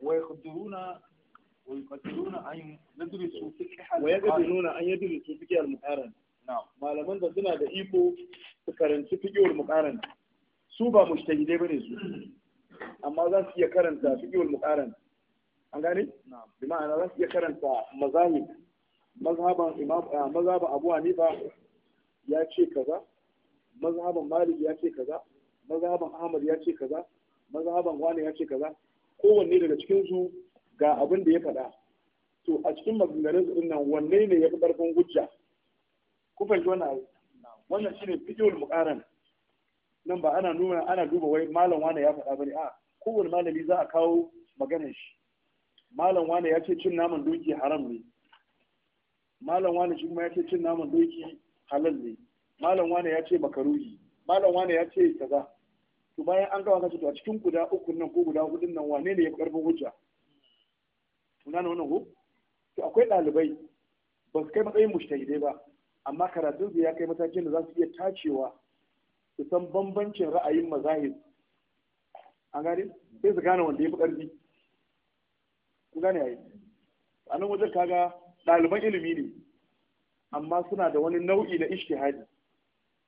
ويقدرون ويقدرون أن يدرسوا فقه ويقدرون نعم da suna da iko su karanci fiqhul muqaran su ba mujtahidai bane su amma za su karanta fiqhul muqaran an gane na'am bi ma'ana za su iya karanta mazahib mazhaban imam mazhaban Abu ya ce kaza mazhaban Malik ya ce kaza Ahmad ya ce kaza ya ce kaza kowanne daga cikin su ga abin da ya faɗa to a cikin maganganun su nan wanne ne ya fi ƙarfin hujja ku fahimci wannan wannan shine mu muqaran nan ba ana nuna ana duba wai malam wane ya faɗa bane a kowane malami za a kawo maganar shi malam wane ya ce cin naman doki haram ne malam wane shi kuma ya ce cin naman doki halal ne malam wane ya ce makaruhi malam wane ya ce kaza to bayan an gawa kashi to a cikin guda uku nan ko guda hudun nan wane ne ya fi karfin hujja kuna na wannan ko to akwai ɗalibai ba su kai matsayin mushtahidai ba amma karatun su ya kai matakin da za su iya tacewa su san bambancin ra'ayin mazahir an gane sai su gane wanda ya fi ƙarfi ku gane yayi a nan wajen kaga ɗaliban ilimi ne amma suna da wani nau'i na ishtihadi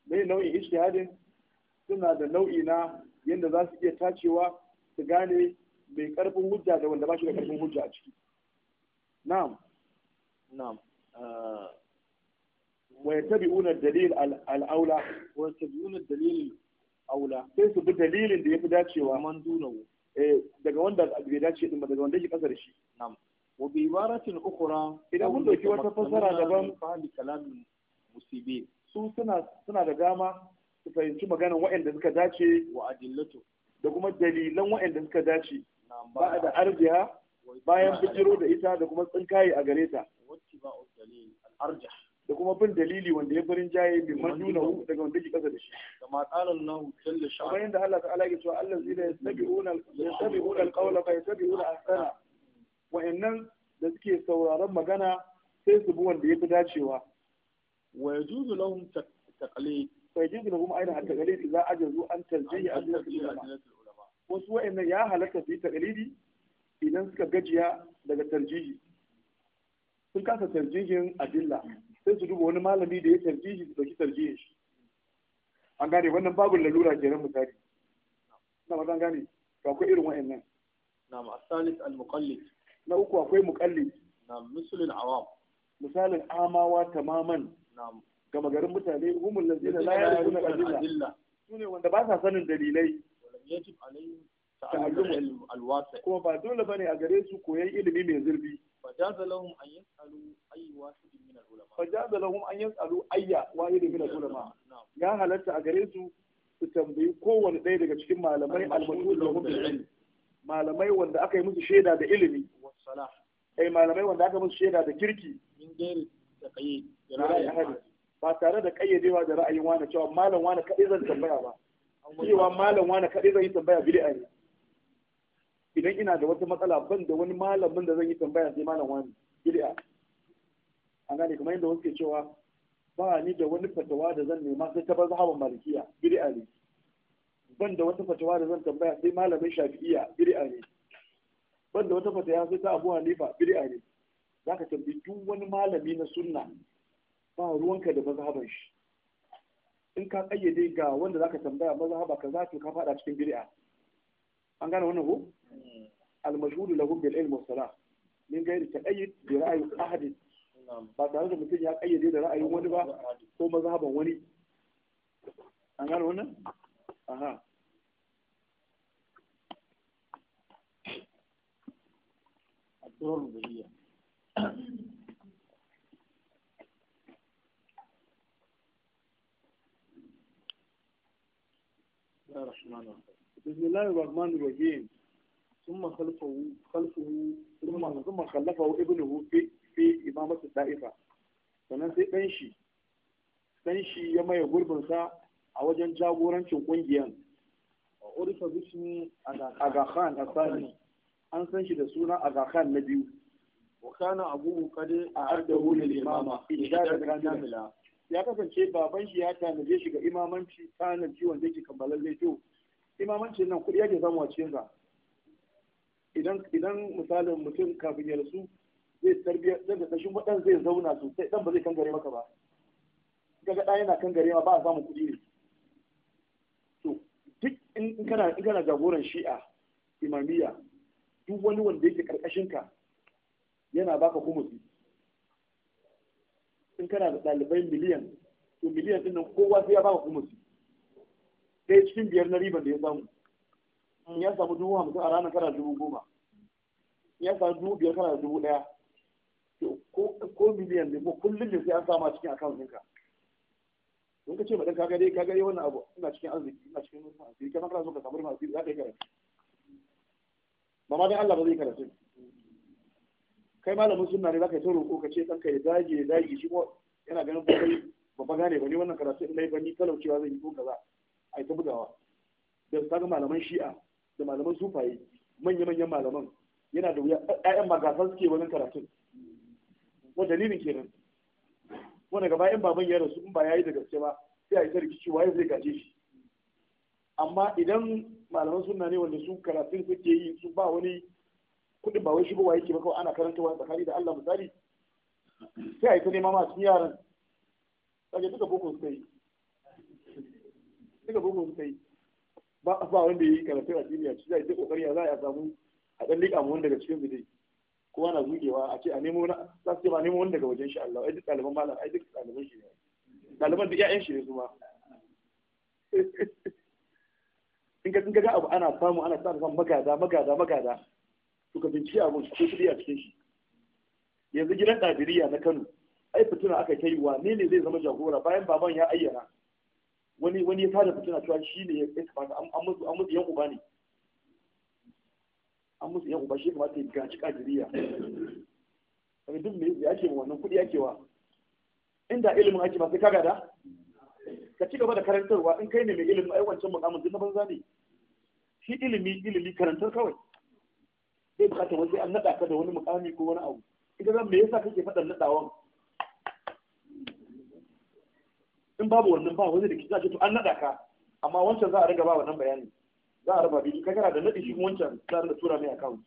mai nau'in ishtihadin suna da nau'i na yadda za su iya tacewa su gane mai karfin hujja da wanda ba shi da karfin hujja a ciki na'am na'am uh, wa yattabi'una dalil al-aula wa yattabi'una dalil al'aula. sai su bi dalilin da ya fi dacewa man duna wu. Eh, daga wanda bai dace din ba daga wanda ke kasar shi na'am wa bi ibaratin ukura. idan mun dauki wata fasara daban fahimi kalamin musibin su suna suna da dama su fahimci magana waɗanda suka dace wa adillatu da kuma dalilan waɗanda suka dace ba da arjiha bayan bijiro da ita da kuma tsinkaye a gare ta da kuma bin dalili wanda ya farin jaye bi majunahu daga wanda ke kasa da shi kama qala Allah jalla sha'a bayan da Allah ta'ala ya ce Allah zai yastabi'una yastabi'una al-qawla fa yastabi'una ahsana wa innan da suke sauraron magana sai su bi wanda ya fi dacewa wa yajuzu lahum taqlid fayajin da kuma ainihin tagalidi za a jazu an tarjiyya a zinar ulama wasu wa'annan ya halatta su yi tagalidi idan suka gajiya daga tarjihi sun kasa tarjihin adilla sai su duba wani malami da ya tarjihi su dauki tarjihin shi an gane wannan babu lalura kenan misali na ba zan gane to akwai irin wa'annan na ma'asalis al-muqallid na uku akwai muqallid na misalin awam misalin amawa tamaman gama garin mutane humul lazina la ya'lamuna adilla sune wanda ba sa sanin dalilai kuma ba dole ba ne a gare su koyan ilimi mai zurfi fajaza lahum an yasalu an yi min ulama fajaza lahum an yasalu ulama ya halatta a gare su su tambayi kowane ɗaya daga cikin malamai almashhud da bil ilm malamai wanda aka yi musu shaida da ilimi ai eh, malamai wanda aka musu shaida da kirki min gairi taqayyid ba tare da kayyadewa da ra'ayin wani cewa malam wani kaɗai zan tambaya ba cewa malam wani kaɗai zan yi tambaya bid'a ne idan ina da wata matsala ban da wani malamin da zan yi tambaya sai malam wani bid'a an gane kamar yadda wasu ke cewa ba ni da wani fatawa da zan nema sai ta bar zahaban malikiya bid'a ne ban da wata fatawa da zan tambaya sai malamin shafi'iya bid'a ne ban da wata fatawa sai ta abu hanifa bid'a ne zaka tambayi duk wani malami na sunna ba ruwanka da mazhaban shi in ka kayyade ga wanda zaka tambaya mazhaba ka zaka ka fada cikin bid'a an gane wannan ko al majhul lahu bil ilm wa salah min gairi taqayyud bi ra'yi ahad ba tare da mutum ya kayyade da ra'ayin wani ba ko mazhaban wani an gane wannan aha a tsoron الله الرحمن الرحيم بسم الله الرحمن الرحيم ثم خلفه خلفه ثم ثم خلفه ابنه في في إمامة الطائفة sannan sai ɗan shi ɗan shi ya maye gurbinsa a wajen jagorancin ƙungiyar urifa bismi agakhan asali an san shi da suna agakhan na biyu wa kana abu qad a'addahu lil imama idan da kamila ya kasance baban shi ya tanaje shi ga imamanci tanaji wanda yake kammalar zai to imamanci nan kuɗi yake zama a cikin idan idan misalin mutum kafin ya rasu zai tarbiya daga kashin waɗanda zai zauna sosai dan ba zai kangare maka ba kaga ɗaya yana kangare ma ba a samu kuɗi ne to duk in kana in kana jagoran shi'a imamiyya duk wani wanda yake karkashin ka yana baka kumusi in kana da ɗalibai miliyan to miliyan ɗin nan kowa sai ya ba kuma su Sai cikin biyar na riban da ya samu ya samu dubu hamsin a ranar kana dubu goma ya samu dubu biyar kana dubu ɗaya ko miliyan ne ko kullum ne sai an sama cikin akawun ka. don ka ce ma ɗan ka dai ka dai wannan abu ina cikin arziki ina cikin rufin asiri kana kana so ka samu za ka yi karatu ba ma dai Allah ba zai karatu kai malamin sunna ne zaka yi sauro ko ka ce kanka ya zage ya zage shi ko yana ganin ko kai ba ba gane ba ni wannan karatu in dai ba ni talaucewa zan yi ko kaza ai ta bugawa da saka malaman shi'a da malaman sufaye manya-manyan malaman yana da wuya ƴaƴan magasan suke wannan karatun ko dalilin kenan wanda gaba in baban ya rasu in ba yayi da gaske ba sai a yi ta rikici waye zai gaje shi amma idan malaman sunna ne wanda su karatun suke yi su ba wani kuɗin ba wai shi ba yake ba kawai ana wani tsakani da Allah misali sai a yi ta nema ma yaran kaje duka boko suka yi duka boko suka yi ba ba ya yi karatu a duniya shi zai ta kokari ya za a samu a dan liƙa mu wanda daga cikin su ko kowa na zugewa a ce a nemo na za su ce ba nemo wanda daga wajen shi Allah ai duk ɗaliban malam ai duk ɗaliban shi ne ɗaliban duk ƴaƴan shi ne su ma in ka ga abu ana samu ana samu magada magada magada suka binci a abun akwai kuɗi a cikin shi yanzu gidan ɗabiriya na Kano ai fitina aka kai wa ne zai zama jagora bayan baban ya ayyana wani wani ya tada fitina cewa shi ne ya kamata an musu an musu yan uba ne an musu yan uba shi kamata ya gaci ƙabiriya daga duk mai ya ke wannan kuɗi ya wa inda ilimin ake masu sai ka gada ka ci gaba da karantarwa in kai ne mai ilimin ai wancan mukamin duk na banza ne shi ilimi ilimi karantar kawai sai bukata wani sai an naɗa ka da wani mukami ko wani abu ita zan me yasa kake faɗan naɗawan in babu wannan ba wani da kisa ce, to an naɗa ka amma wancan za a riga ba wannan bayani za a raba biyu kagara da naɗi shi wancan za a riga tura mai account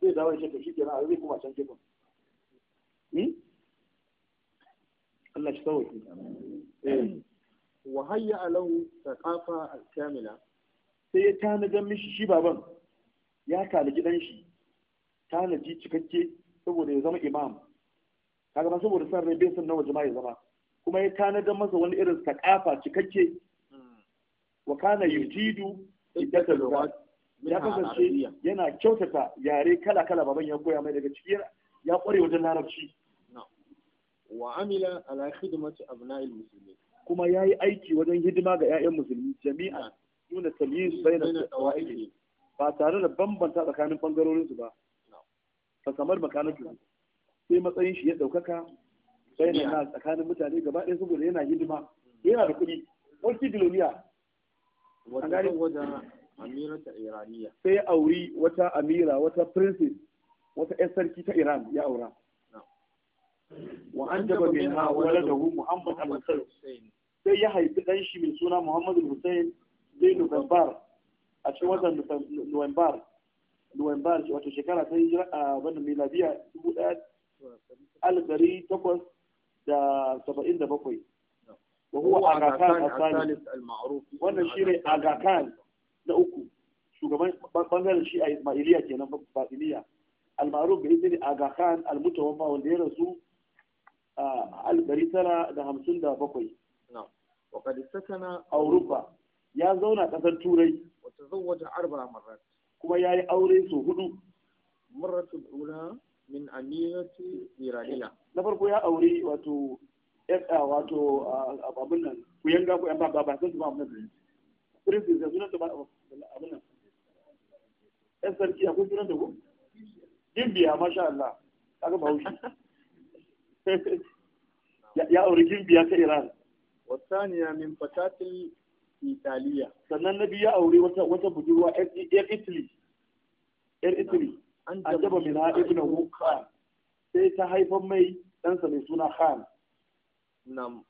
zai dawo ya ce to shi nan a zai kuma can gefen hmm? Allah shi sauke eh. wa hayya alahu taqafa al-kamila sai ya tanadan mishi shi baban ya tanaji dan shi tanaji cikakke saboda ya zama imam kaga ba saboda san rai bai san na jama'a ya zama kuma ya tanadar masa wani irin sakafa cikakke wa kana yujidu iddatul lughat ya kasance yana kyautata yare kala kala baban ya koya mai daga ciki ya kware wajen larabci wa amila ala khidmati abna'il muslimin kuma yayi aiki wajen hidima ga 'ya'yan musulmi jami'a nuna tamyiz bainat tawa'ifi ba tare da bambanta tsakanin bangarorin su ba fa kamar makanatu sai matsayin shi ya daukaka sai na tsakanin mutane gaba ɗaya saboda yana hidima yana da kuɗi wasu biloniya sai auri wata amira wata princess wata yan sarki ta iran ya aura wa an jaba mai ha wani da hu Muhammadu al-hussein sai ya haifi dan shi mai suna Muhammadu al-hussein zai nufar a cikin watan nuwambar nuwambar wato shekara ta hijira a wani miladiya dubu ɗaya alif takwas da saba'in da bakwai wa huwa agakan asali wannan shi ne agakan na uku shugaban bangaren shi a ismailiya kenan batiniya al-ma'ruf bi izni agakan al-mutawaffa wanda ya rasu a alif tara da hamsin da bakwai وقد سكن أوروبا يا زونا tazawwaja arba'a marrat kuma yayi aure su hudu na farko ya auri wato wato abin nan ku yanga ku yan ba ba san da princess da sunan da ba gimbiya masha Allah kaga bahaushe ya wasaniya min Italiya. Sannan na biyu ya aure wata budurwa ‘yar Italy, ‘yar Italy, an jaba min ha ibn Khan, sai ta haifan mai ɗansa mai suna Khan. Nam,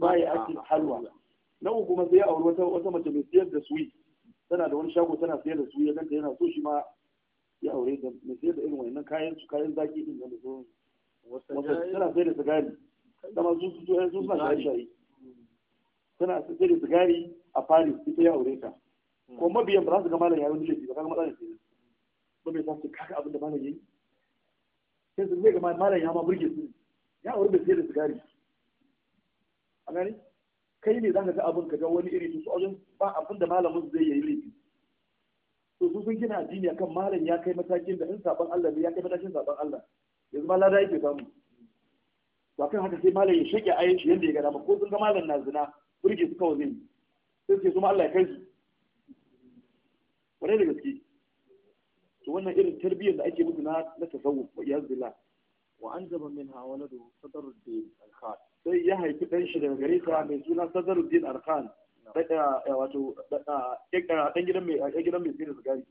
baya ake halwa. Na uku kuma sai ya aure wata mace mai siyar da suyi. Tana da wani shago tana siyar da suyi, ya ganta yana so shi ma ya aure da mai siyar da irin wannan kayan su kayan zaki din da sauran. Wasu tana siyar da sigari. Dama su su su suna shaye-shaye. suna sai da sigari a Paris ita ya aure ta ko hmm. mabiyan ba za su ga malam yayin laifi ba kaga matsalar kenan mabiyan za su kaga abin da malam yayi sai su zai ga malam ya ma burge su ya aure da sai da sigari a gani kai ne za ka ga abin ka ga wani iri su wajen ba abin da malamin zai yi laifi to su sun gina addini akan malam ya kai matakin da in saban Allah ne ya kai matakin saban Allah yanzu ma lada yake samu to akan haka sai malam ya shaƙe ayin shi yanda ya gada ma ko sun ga malam na zina burge su kawai zai sai suke su ma Allah ya kai su kwarai da gaske to wannan irin tarbiyyar da ake musu na na tasawuf wa iyaz billah wa anjaba minha waladu sadruddin al-khan sai ya haifi dan shi daga gare sa mai suna sadruddin al-khan wato dan gidan mai gidan mai sirri sigari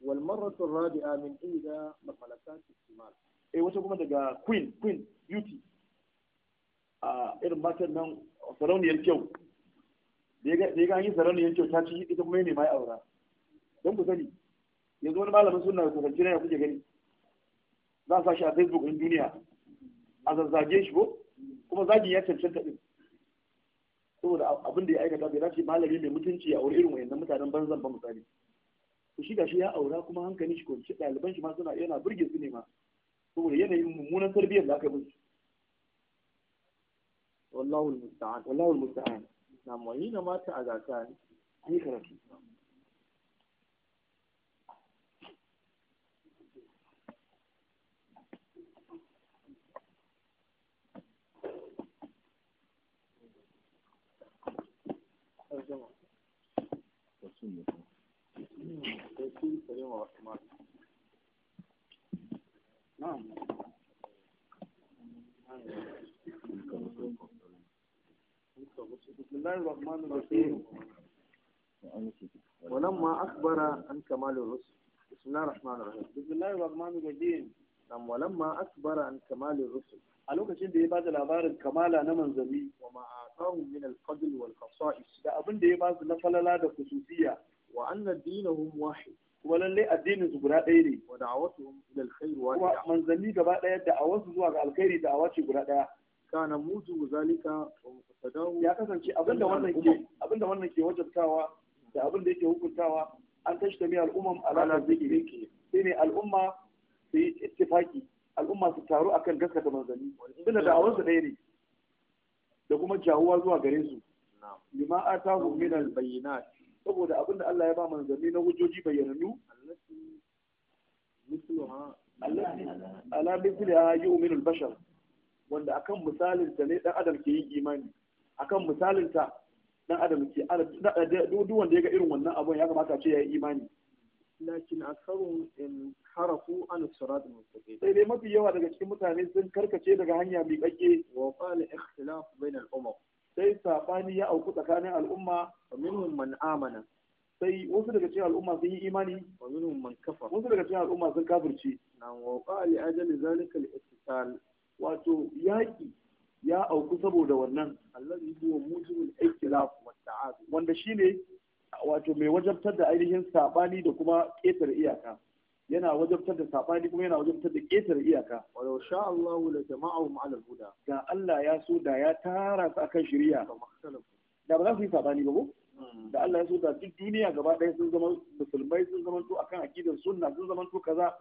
wal marratu rabi'a min ida mafalakat istimal eh wata kuma daga queen queen beauty a irin matan nan sarauniyar kyau da ya ga yi sarauniyar kyau ta ci ita kuma ne mai aura don ku sani yanzu wani malamin suna da kusanci na kuke gani za a sa shi a facebook in duniya a zazzage shi ko kuma zagin ya cancanta din saboda abin da ya aikata bai dace malami mai mutunci a irin wayannan mutanen banzan ba misali shiga shi ya aura kuma hankali shi kwanci ɗaliban shi ma suna yana burge su ne ma saboda yanayin mummunan tarbiyyar da aka musu والله المستعان والله المستعان نعم وحين ما أذاكان ذكر الجمع نعم, نعم. ولما اخبر عن كمال الرسل بسم الله الرحمن الرحيم بسم الله الرحمن الرحيم نعم ولما اخبر عن كمال الرسل a lokacin da ya bada labarin kamala na manzanni wa ma'atahu min al-fadl wal khasa'is da abin da ya basu na falala da khususiyya wa anna dinahum wahid kuma lalle addinin su guda ɗaya ne wa da'awatuhum ila al-khair wahida zuwa ga alkhairi da awace guda ɗaya kana mutu zalika ya kasance abinda wannan ke abinda wannan ke wajabtawa da abinda yake hukuntawa an tashi mai zai ala ke. sai ne al'umma su yi ittifaki al'umma su taru akan gaskata manzanni inda da awansu ɗaya ne da kuma jawuwa zuwa gare su lima atahu min al-bayyinat saboda abinda Allah ya ba manzanni na hujjoji bayyanannu allati misluha allati ala mithliha yu'minu al-bashar wanda akan misalinta ne dan adam ke yin imani akan misalinta dan adam ke duk wanda ya ga irin wannan abun ya kamata ce ya yi imani lakin aksarun in harafu an sirat mustaqim sai dai mafi yawa daga cikin mutane sun karkace daga hanya mai kakke wa qala ikhtilaf bain al umam sai sabani ya auku tsakanin al'umma minhum man amana sai wasu daga cikin al'umma sun yi imani wa minhum man kafar wasu daga cikin al'umma sun kafirce nan wa qala ajal zalika al wato yaƙi ya auku saboda wannan allazi huwa mujibul ikhtilaf wa wanda shine wato mai wajabtar da ainihin sabani da kuma ƙetare iyaka yana wajabtar da sabani kuma yana wajabtar da ƙetare iyaka walau sha Allah la jama'ahum ala huda da Allah ya so da ya tara su akan shari'a da ba za su yi sabani ba ko hmm. da Allah ya so da duk duniya gaba ɗaya sun zama musulmai sun zama to akan aqidar sunna sun zama to kaza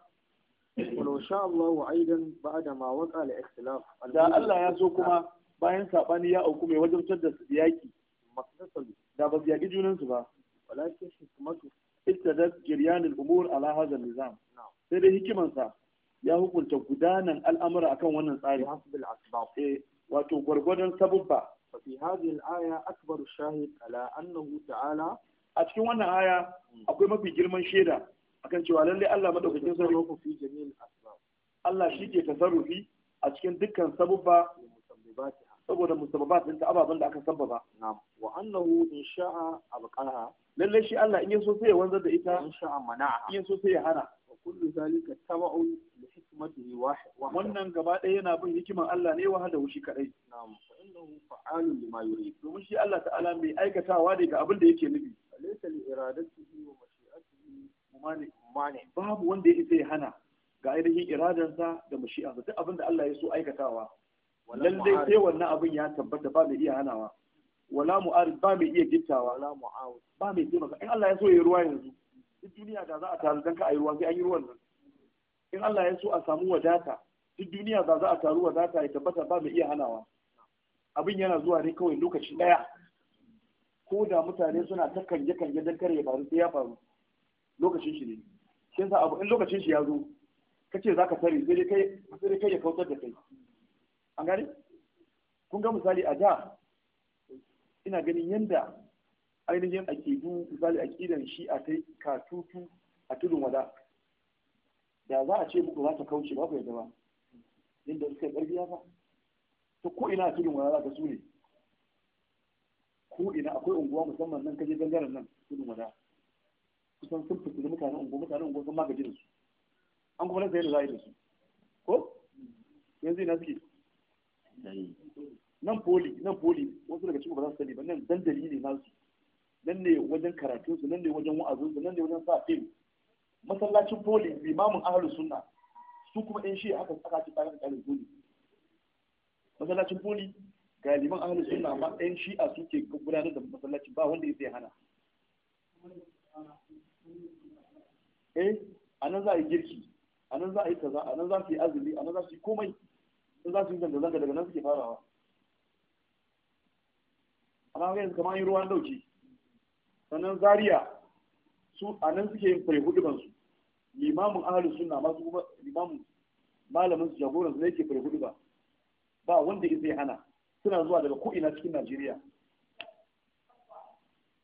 ولو شاء الله da بعد ما وقع الاختلاف da Allah ya so kuma bayan sabani ya auku mai wajabtar da su yaki da ba su yaki ba walakin hikmatu ittadat jiryan umur ala hadha nizam sai dai hikimansa sa ya hukunta gudanan al'amura akan wannan tsari eh, wato gwargwadon sabubba fi hadhihi al-aya akbar shahid ala annahu ta'ala a cikin wannan aya hmm. akwai mafi girman shaida akan cewa lallai Allah madaukakin sarrafa Allah shi ke tasarrufi a cikin dukkan sabubba saboda musabbabat ɗinta ababen da aka sabbaba na'am wa annahu in sha'a abqaha lallai shi Allah in yaso sai ya wanzar da ita in sha'a mana'a in yaso sai ya hana wa kullu zalika tabu'un li hikmatihi wahid wannan gaba ɗaya yana bin hikiman Allah ne wa hada shi kadai na'am fa innahu fa'alun lima yurid domin shi Allah ta'ala mai aikatawa ne ga abin da yake nufi laysa li iradatihi wa babu wanda yake zai ya hana ga ainihin iradansa da mashi'ansa duk abin da Allah ya so aikatawa lallai sai wannan abin ya tabbata ba mai iya hanawa wala mu'arid ba mai iya gittawa wala mu'awid ba mai taimaka in Allah ya so ya ruwa yanzu duk duniya da za a taru dan ka ayi ruwa sai an yi ruwan nan in Allah ya so a samu wadata duk duniya da za a taru wadata ya tabbata ba mai iya hanawa abin yana zuwa ne kawai lokaci daya ko da mutane suna ta kanje kanje don kare ya faru sai ya faru lokacin shi ne shi yasa abu in lokacin shi ya zo kace zaka tare sai dai kai sai dai kai ya kautar da kai an gane kun ga misali a da ina ganin yanda ainihin du misali kidan shi a kai katutu a tudun wada da za a ce muku za ta kauce ba ku yadda ba yadda suka karfi ya ba ta ko ina a tudun wada za ka su ne ko ina akwai unguwa musamman nan kaje gangaren nan tudun wada kusan sun fitili mutanen unguwa, mutanen unguwa sun magaji da su an kuma na sayar da za yi da su ko yanzu ina suke nan poli nan poli wasu daga cikin ba za su sani ba nan dandali ne su nan ne wajen karatunsu nan ne wajen su nan ne wajen sa fim masallacin poli limamin ahalus sunna su kuma ɗan shi aka saka shi bayan ƙarin poli masallacin poli ga liman ahalus sunna amma ɗan shi'a suke gudanar da masallacin ba wanda ya hana eh nan za a yi girki a nan za a yi kaza a nan za su yi azumi a nan za su yi komai in za su yi zanga zanga daga nan suke farawa amma ga yanzu kamar yi ruwan dauki sannan zaria su anan suke yin fai hudu su limamin ahalus sunna masu kuma limamin malamin su jagoran su ne ke fai hudu ba ba wanda zai hana suna zuwa daga ko'ina cikin Najeriya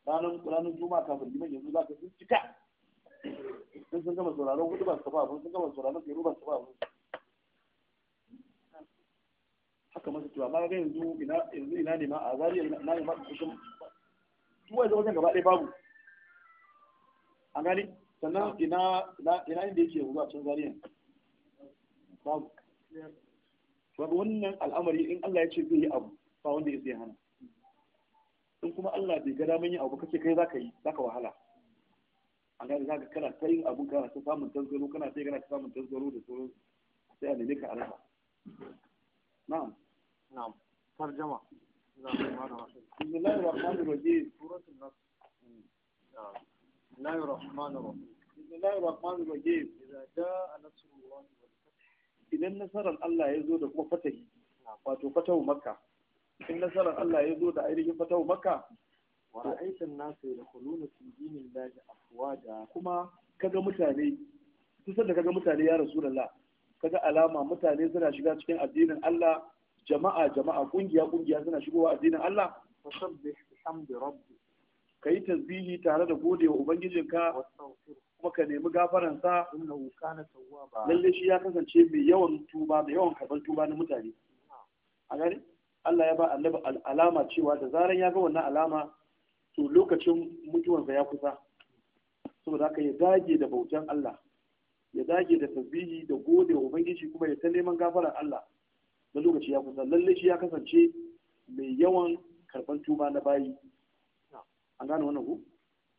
ranar ranar juma'a kafin liman yanzu za ka sun cika in sun gama sauraron hudu ba su tafi abin sun gama sauraron biyar ba su tafi abin haka masu cewa ma ga yanzu yanzu ina ne ma a zariya na ne ma kusan. duwa da wajen gaba ɗaya babu a gani sannan ina ina inda yake yanzu a can zariya babu babu wannan al'amari in Allah ya ce zai yi abu ba wanda ya zai hana in kuma Allah bai ga daman yin abu kake kai zaka yi zaka wahala a ga zaka kana ta samun kana ta kana da sauran sai a nemi ka a rasa na'am na'am tarjama بسم wato fatahu makka in nasarar Allah ya zo da ainihin fatahu makka wa ra'aitan nasu yadkhuluna fi dinillahi afwaja kuma kaga mutane kusan da kaga mutane ya rasulullah kaga alama mutane suna shiga cikin addinin Allah jama'a jama'a kungiya kungiya suna shigowa addinin Allah fasabbih bihamdi rabbi kai tasbihi tare da godewa ubangijinka kuma ka nemi gafaran sa innahu kana tawwaba lalle shi ya kasance mai yawan tuba mai yawan karban tuba na mutane a gani Allah ya ba annabi alama cewa da zaran ya ga wannan alama to lokacin mutuwansa ya kusa saboda haka ya dage da bautan Allah ya dage da tasbihi da gode wa ubangiji kuma ya ta neman gafarar Allah na lokaci ya kusa lalle shi ya kasance mai yawan karban tuba na bayi an gane wannan ku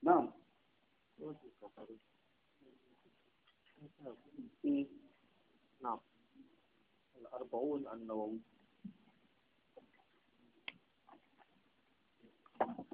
na'am Thank you.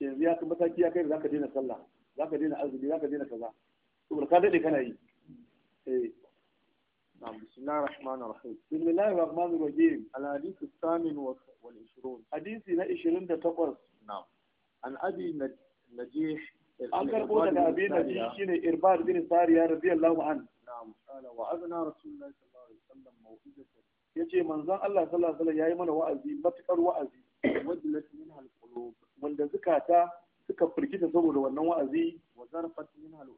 yanzu ya kai mataki ya kai da zaka daina sallah zaka daina azumi zaka daina kaza saboda ka dai kana yi eh na bismillahir rahmanir rahim bismillahir rahmanir rahim al hadith as-samin wal 20 hadisi na 28 na'am an abi najih an karbo daga abi najih shine irbad bin sariya radiyallahu anhu na'am qala wa azna rasulullahi sallallahu alaihi wasallam maw'izatan yace manzon Allah sallallahu alaihi wasallam yayi mana wa'azi matukar wa'azi wajilat min al-qulub wanda zukata suka firgita saboda wannan wa'azi wa zarfat min al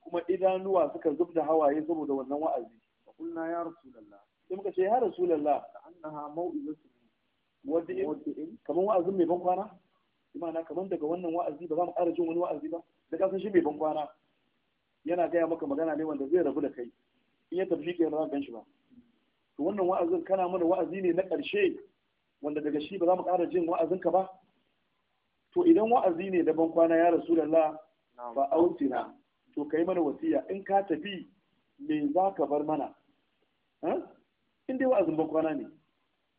kuma idanuwa suka zubda hawaye saboda wannan wa'azi fa kunna ya rasulullah sai muka ce ya rasulullah annaha mau'izatu wadda kaman wa'azin mai ban kwana imana kaman daga wannan wa'azi ba za mu ƙara jin wani wa'azi ba da kasan shi mai ban kwana yana gaya maka magana ne wanda zai rabu da kai in ya tafi shi ke ba gan shi ba to wannan wa'azin kana mana wa'azi ne na ƙarshe wanda daga shi ba za mu ƙara jin wa'azinka ba to idan wa'azi ne da ban kwana ya rasulullah fa autina to kai mana wasiya in ka tafi me za ka bar mana in dai wa'azin ban kwana ne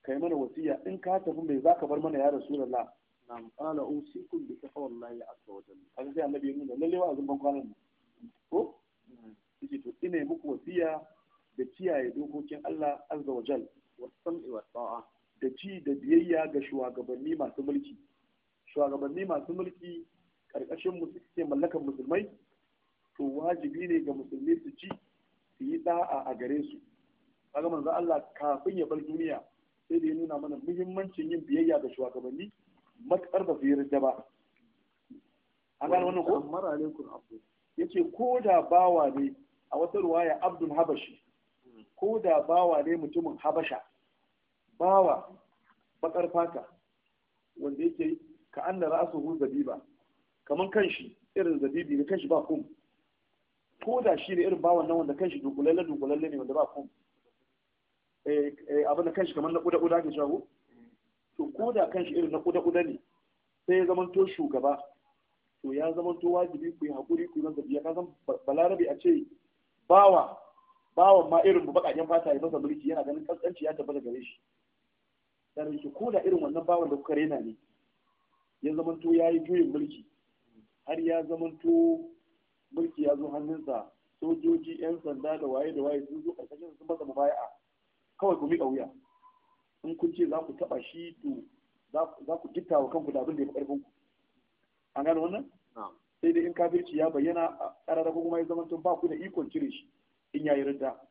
kai mana wasiya in ka tafi me za ka bar mana ya rasulullah na'am qala usikum bi taqwallahi azza wa jalla kaga sai annabi ya nuna lalle wa'azin ban kwana ne ko yace to ina muku wasiya da kiyaye dokokin Allah azza wa jalla wa sam'i wa ta'a da ci da biyayya ga shugabanni masu mulki shugabanni masu mulki ƙarƙashin musu suke mallakan musulmai to wajibi ne ga musulmi su ci su yi da'a a gare su kaga manzo Allah kafin ya bar duniya sai da ya nuna mana muhimmancin yin biyayya ga shugabanni matsar ba su yi ba an gane wannan ko Ya alaikum ko da bawa ne a wata ruwaya abdul habashi ko da bawa ne mutumin habasha bawa bakar fata wanda yake ka an da hu zabiba kaman kanshi irin zabibi ne kanshi ba kum ko da shi ne irin bawan nan wanda kanshi dukulalle dukulalle ne wanda ba kum eh, eh abin da kanshi kaman na kuda kuda ke shago to ko da kanshi irin na kuda kuda ne sai ya zamanto shugaba to ya zamanto wajibi ku yi hakuri ku yi masa ka san balarabe a ce bawa bawan ma irin bakaken fata ya masa mulki yana ganin kaskanci ya tabbata gare shi dan ko da irin wannan bawan da kuka rena ne ya zamanto ya yi juyin mulki har ya zamanto mulki ya zo hannunsa sojoji yan sanda da waye da waye sun zo karkashin sun masa mubaya'a kawai ku miƙa wuya in kun ce za ku taɓa shi to za ku gitta wa kanku da abin da ya fi ƙarfin ku an gane wannan sai dai in kafirci ya bayyana a ƙarara ko kuma ya zama tun ba ku da ikon cire shi in ya yi ridda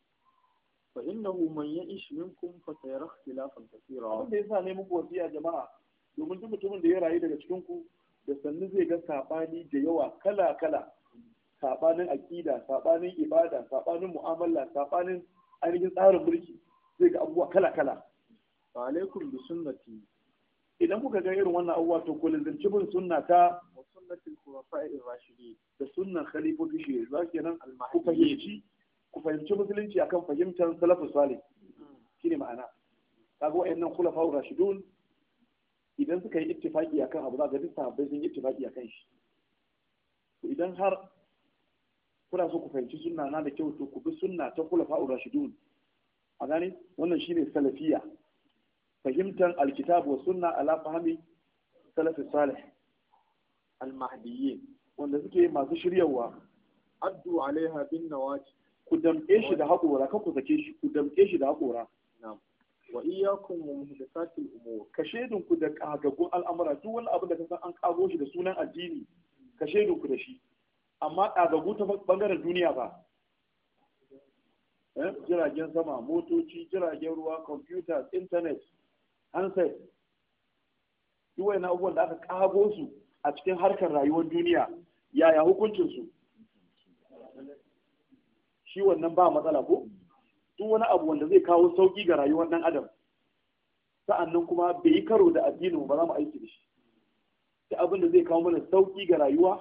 fa innahu man ya'ish minkum fa sayara ikhtilafan kathira abin da yasa ne muku wasiya jama'a domin duk mutumin da ya rayu daga cikin ku da sannu zai ga sabani da yawa kala kala sabanin aƙida, sabanin ibada sabanin mu'amala sabanin ainihin tsarin mulki zai ga abubuwa kala kala wa alaikum bi sunnati idan kuka ga irin wannan abubuwa to ku lazimci bin sunna ta wa al-khulafa'i ar rashidin da sunnan khalifofi shi za nan ku fahimci ku fahimci musulunci akan fahimtar salafus salih mm. shine ma'ana kaga wa'annan khulafa'ur rashidun idan suka yi ittifaki akan abu za ga duk sahabbai sun yi ittifaki akan shi to idan har kuna so ku fahimci sunna na da kyau to ku bi sunna ta khulafa'ur rashidun a gane wannan shine salafiya fahimtar alkitabu wa sunna ala fahmi salafi salih al wanda suke masu shiryawa addu alaiha bin nawaji ku damƙe shi da haƙora kan ku sake shi ku damƙe shi da haƙora wa iyakum wa muhdathatil umur ka shedun ku da kagagun al'amura duk wani abu da ka san an kago shi da sunan addini ka ku da shi amma kagagu ta bangaren duniya ba eh, jiragen sama motoci jiragen ruwa computers internet handset duk wani abubuwan da aka kago su a cikin harkar rayuwar duniya yaya hukuncin su shi wannan ba matsala ko duk wani abu wanda zai kawo sauki ga rayuwar dan adam nan kuma bai yi karo da addinin ba za mu aiki da shi da abin da zai kawo mana sauki ga rayuwa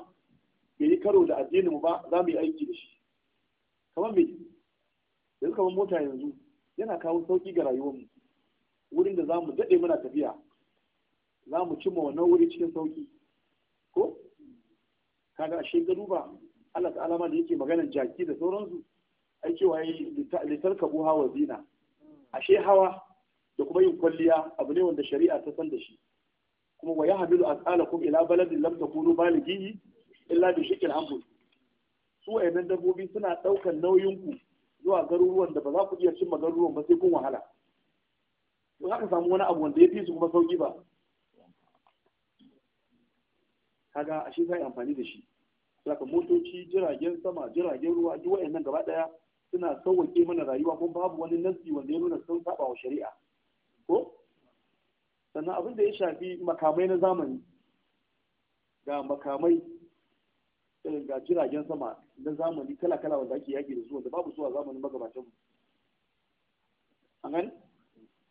bai yi karo da addinin ba za mu yi aiki da shi kamar me yanzu kamar mota yanzu yana kawo sauki ga rayuwarmu wurin da za mu daɗe muna tafiya za mu cimma wannan wuri cikin sauƙi, ko kaga ashe ga duba Allah ta'ala ma da yake maganar jaki da sauransu ai waye yi litarkabu hawa zina ashe hawa da kuma yin kwalliya abu ne wanda shari'a ta san da shi kuma wa yahmilu asalakum ila baladin lam takunu balighihi illa bi shakil anfus su wayannan dabbobi suna daukan nauyin zuwa garuruwan da ba za ku iya cimma garuruwan ba sai kun wahala to haka samu wani abu wanda ya fi su kuma sauki ba kaga ashe sai amfani da shi saka motoci jiragen sama jiragen ruwa duk wayannan gaba daya suna sauwake mana rayuwa kuma babu wani nazi wanda ya nuna sun saba wa shari'a ko sannan abin da ya shafi makamai na zamani ga makamai ga jiragen sama na zamani kala-kala wanda ake yaki da su wanda babu zuwa zamanin magabatanmu an gani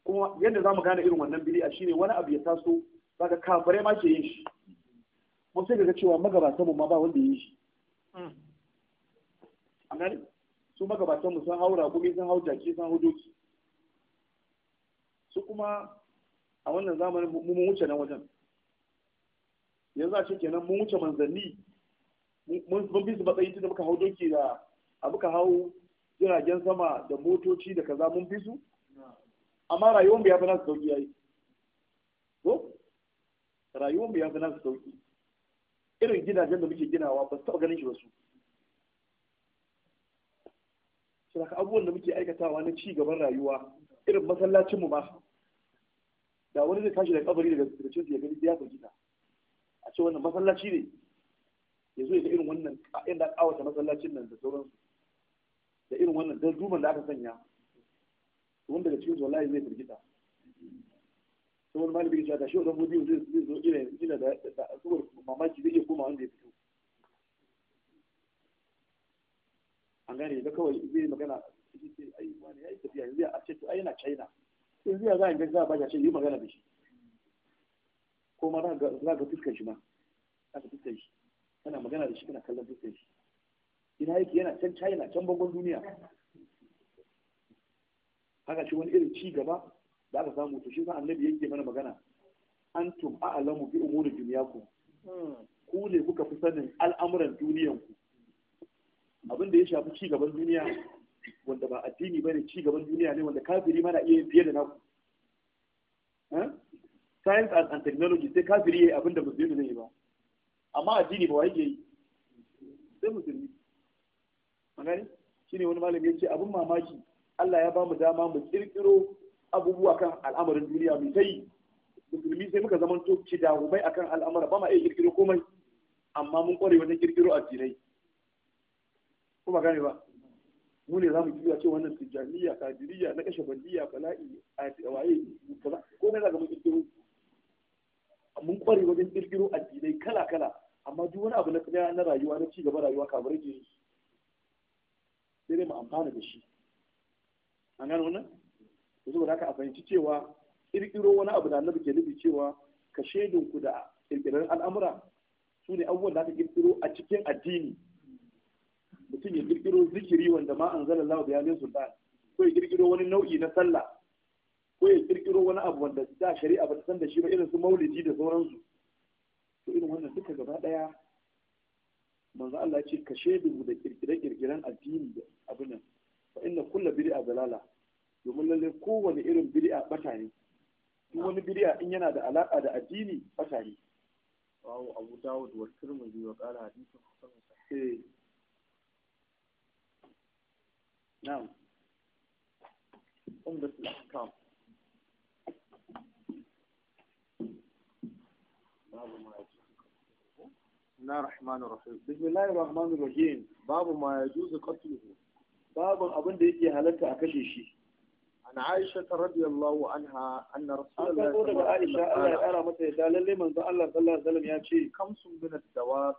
kuma yadda za mu gane irin wannan bid'a shine wani abu ya taso zaka kafare ma ke yin shi mu sai ga cewa magabatanmu ma ba wanda ya yi shi hmm. an gani su mu sun haura kuma sun hau jaki sun hau doki su kuma a wannan zamanin mun wuce na wajen yanzu a ce kenan mun wuce manzanni mun bi su matsayi tun da muka hau doki da a muka hau jiragen sama da motoci da kaza mun bi su amma rayuwar mu ya fi nasu sauki yayi ko rayuwar mu ya fi nasu sauki irin gidajen da muke ginawa ba su taɓa ganin shi ba su saka abubuwan da muke aikatawa na ci gaban rayuwa irin masallacin mu ba da wani zai tashi da kabari daga cikin ya gani ya fahimta a ce wannan masallaci ne ya zo ya ga irin wannan inda ƙawata masallacin nan da sauransu da irin wannan da duban da aka sanya wanda daga cikin wallahi zai firgita sai wani malami ya ce da shi wannan biyu zai zo ina da asubar mamaki zai iya koma wanda ya fito an gane ga kawai zai magana shi ce ai wani yayi tafiya yanzu a ce to ai yana China yanzu ya za a ga za a ba shi yi magana da shi ko ma za ga fuskar shi ma za ka fuskar shi kana magana da shi kana kallon fuskar shi ina yake yana can China can bangon duniya haka shi wani irin ci gaba da aka samu to shi sa annabi yake mana magana antum a'lamu bi umuri dunyakum hmm. ku ne kuka fi sanin al'amuran duniyanku abin da ya shafi ci gaban duniya wanda ba addini bane ci gaban duniya ne wanda kafiri mana iya yin fiye da naku eh? science and technology sai kafiri yayi abin da musulmi zai yi ba amma addini ba wai yi sai musulmi magani shine wani malami yace ce abin mamaki Allah ya ba mu dama mu kirkiro abubuwa kan al'amarin duniya mu sai musulmi sai muka zama to kidahumai akan al'amura ba ma iya kirkiro komai amma mun kware wajen kirkiro addinai ko ba gane ba mu ne za mu kiyaye ce wannan tijjaniya kadiriya na kashe bandiya bala'i a waye kaza ko ne zaga mun kirkiro mun kware wajen kirkiro addinai kala kala amma duk wani abu na na rayuwa na cigaba rayuwa ka bare sai dai mu amfana da shi an gano wannan to saboda haka a fahimci cewa kirkiro wani abu da annabi ke nufi cewa ka shaidun ku da kirkirar al'amura su ne abubuwan da aka kirkiro a cikin addini mutum ya girgiro zikiri wanda ma anzala Allah bayanin sultan ko ya girgiro wani nau'i na sallah ko ya girgiro wani abu wanda da shari'a ba ta san da shi ba irin su maulidi da sauransu to irin wannan duka gaba daya manzo Allah ya ce ka shedu da kirkire kirkiren addini da abin nan fa inna kullu bid'a dalala domin lalle kowane irin bid'a bata ne duk wani bid'a in yana da alaka da addini bata ne Abu Dawud wa Tirmidhi wa qala hadithu hasan sahih eh. نعم عمدة الأحكام بسم الله الرحمن الرحيم بسم الله الرحمن الرحيم باب ما يجوز قتله باب أبن ديكي هلك أكشيشي عن عائشة رضي الله عنها أن رسول الله صلى الله عليه وسلم قال الله يرى متى يدال لي من الله صلى الله عليه وسلم يا شيء خمس من الدواب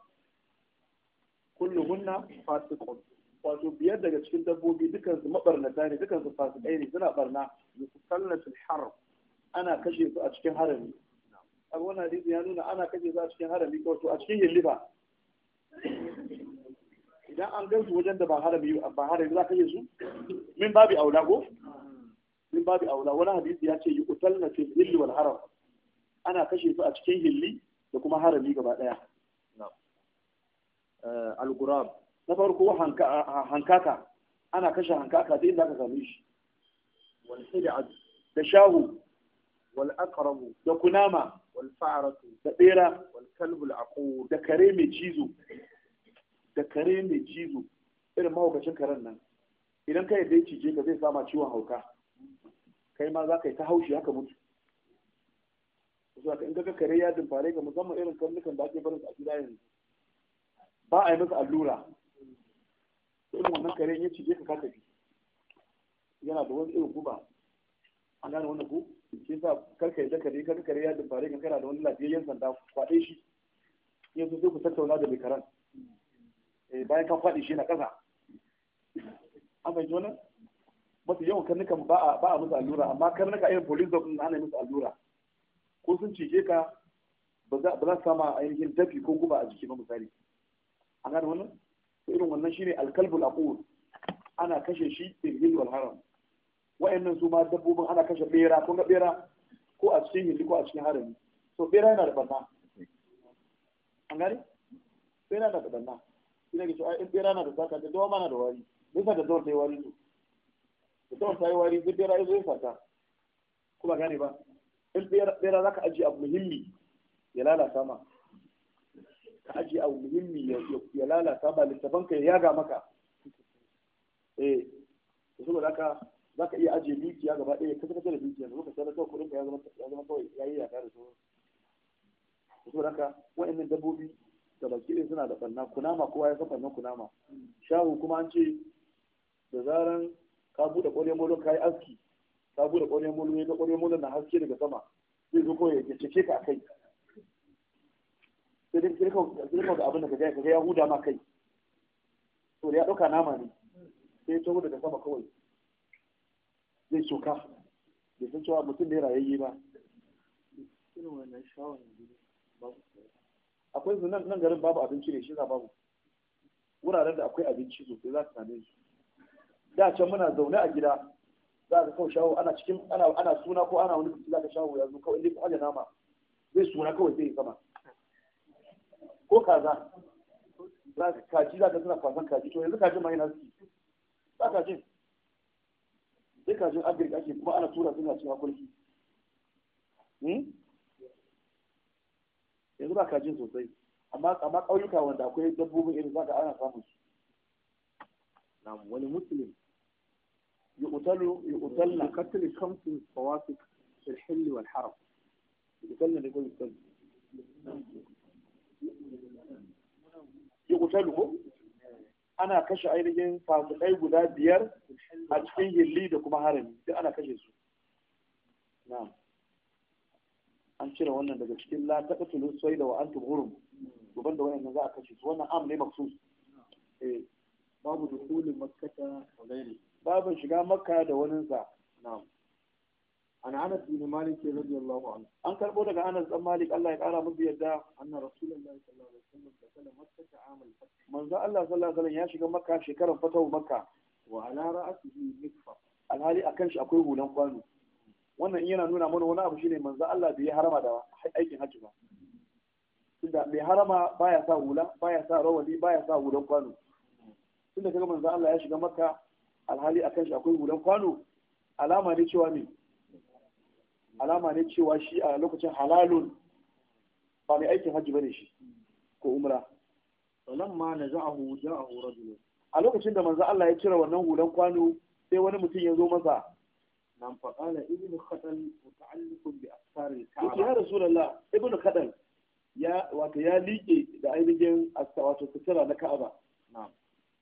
كلهن فاسقون wato biyar daga cikin dabbobi dukan su mabarnata ne dukan su fasikai ne suna barna yusallatu al-haram ana kashe su a cikin harami a wannan hadisi ya nuna ana kashe su a cikin harami ko to a cikin yilliba idan an su wajen da ba harami ba harami za ka kashe su min babi aula ko min babi aula wani hadisi ya ce yi yusallatu fil hilli wal haram ana kashe su a cikin hilli da kuma harami gaba ɗaya. Eh, al na farko hankaka ana kashe hankaka da inda ka same shi da shahu wal aqrabu da kunama wal da bera wal kalbu da kare mai cizo da kare mai cizo irin mahaukacin karen nan idan ka yadda ya cije ka zai sama ciwon hauka kai ma za ka yi ta haushi haka mutu in ka kare yadin fare ga musamman irin karnukan da ake barin a gida yanzu ba a yi masa allura irin wannan kare ya cije ka ka tafi yana da wani irin guba an gane wannan ku shi sa karka yadda kare karka kare ya dubare ka kana da wani lafiyayyen sanda kwaɗe shi yanzu sai ku tattauna da mai karen eh, bayan ka faɗi shi na ƙasa an bai jona mafi yawan karnukan ba a musu allura amma karnuka irin police dog na ana musu allura ko sun cije ka ba za su sama ainihin dafi ko guba a jiki ba misali an gane wannan irin wannan shine alkalbul aqul ana kashe shi da wal haram wayannan su ma dabbobin ana kashe bera kun ga bera ko a cikin hindi ko a cikin harami so bera yana da banna an gani bera yana da barna ina ga cewa in bera na da zaka da dawa mana da wari bisa da dawar da wari ne da dawar yi wari duk bera yana da fata kuma gane ba in bera zaka ajiye abu muhimmi ya lalata ma ka ajiye abu muhimmi ya lalata ba littafan ka ya yaga maka eh su da ka za ka iya ajiye dukiya gaba ɗaya ka kasa da dukiya da lokacin da kawai kuɗin ka ya zama kawai ya yi yaka da su su saboda haka wa'annan dabbobi da baki ɗaya suna da ɓanna kunama kowa ya san ɓannan kunama shahu kuma an ce da zaran ka buɗe ƙwarya molon ka yi aski ka buɗe ƙwarya molon ya ga ƙwarya molon na haske daga sama zai zo kawai ya cece ka a kai sai dai kirkau da abin da ka ga ya ma kai to ya ɗauka nama ne sai ya taho daga sama kawai zai soka bai san cewa mutum ne rayayye ba akwai zunan nan garin babu abinci ne shi za babu wuraren da akwai abinci sosai za su same su da can muna zaune a gida za ka kawo shawo ana cikin ana suna ko ana wani biki za ka shawo yanzu kawai ne ko aje nama zai suna kawai zai sama ko kaza kaji za ka suna kwasan kaji to yanzu kajin ma yana suke ba kajin sai kajin agrik ake kuma ana tura suna cikin hakulki hmm? yanzu ba kajin sosai amma amma ƙauyuka wanda akwai dabbobin irin za ka ana samun su na'am wani musulmi يقتلوا يقتلنا قتل خمس فواسق في الحل والحرم يقتلنا يقول يقتل yi ana kashe ainihin fasikai guda biyar a cikin hilli da kuma harami duk ana kashe su na'am an cire wannan daga cikin lataɓa taqtulu sai da wa'antun hurum duban da wayannan za a kashe su wannan am ne maksus eh babu dukhul makkata wa ghairi babu shiga makka da wani sa na'am an anas bin malik radiyallahu anhu an karbo daga anas dan malik Allah ya kara musu yadda anna rasulullahi sallallahu alaihi wasallam da kala makka ta amal manzo Allah sallallahu alaihi wasallam ya shiga makka shekaran fatahu makka wa ala ra'atihi mikfa alhali akan shi akwai hulan kwano wannan in yana nuna mana wani abu shine manzo Allah bai harama da aikin hajji ba tunda mai harama baya sa hula baya sa rawani baya sa hulan kwano tunda kaga manzo Allah ya shiga makka alhali akan shi akwai hulan kwano alama ne cewa ne. alama ne cewa shi a lokacin halalun ba mai aikin hajji bane shi ko umra falamma ma ja'ahu rajul a lokacin da manzo Allah ya cire wannan hulan kwano sai wani mutum ya zo masa nan fa qala ibn khatal muta'alliqun bi asfar al-ka'aba ya rasulullah ibn khatal ya wato ya liƙe da ainihin wato sutura na ka'aba na'am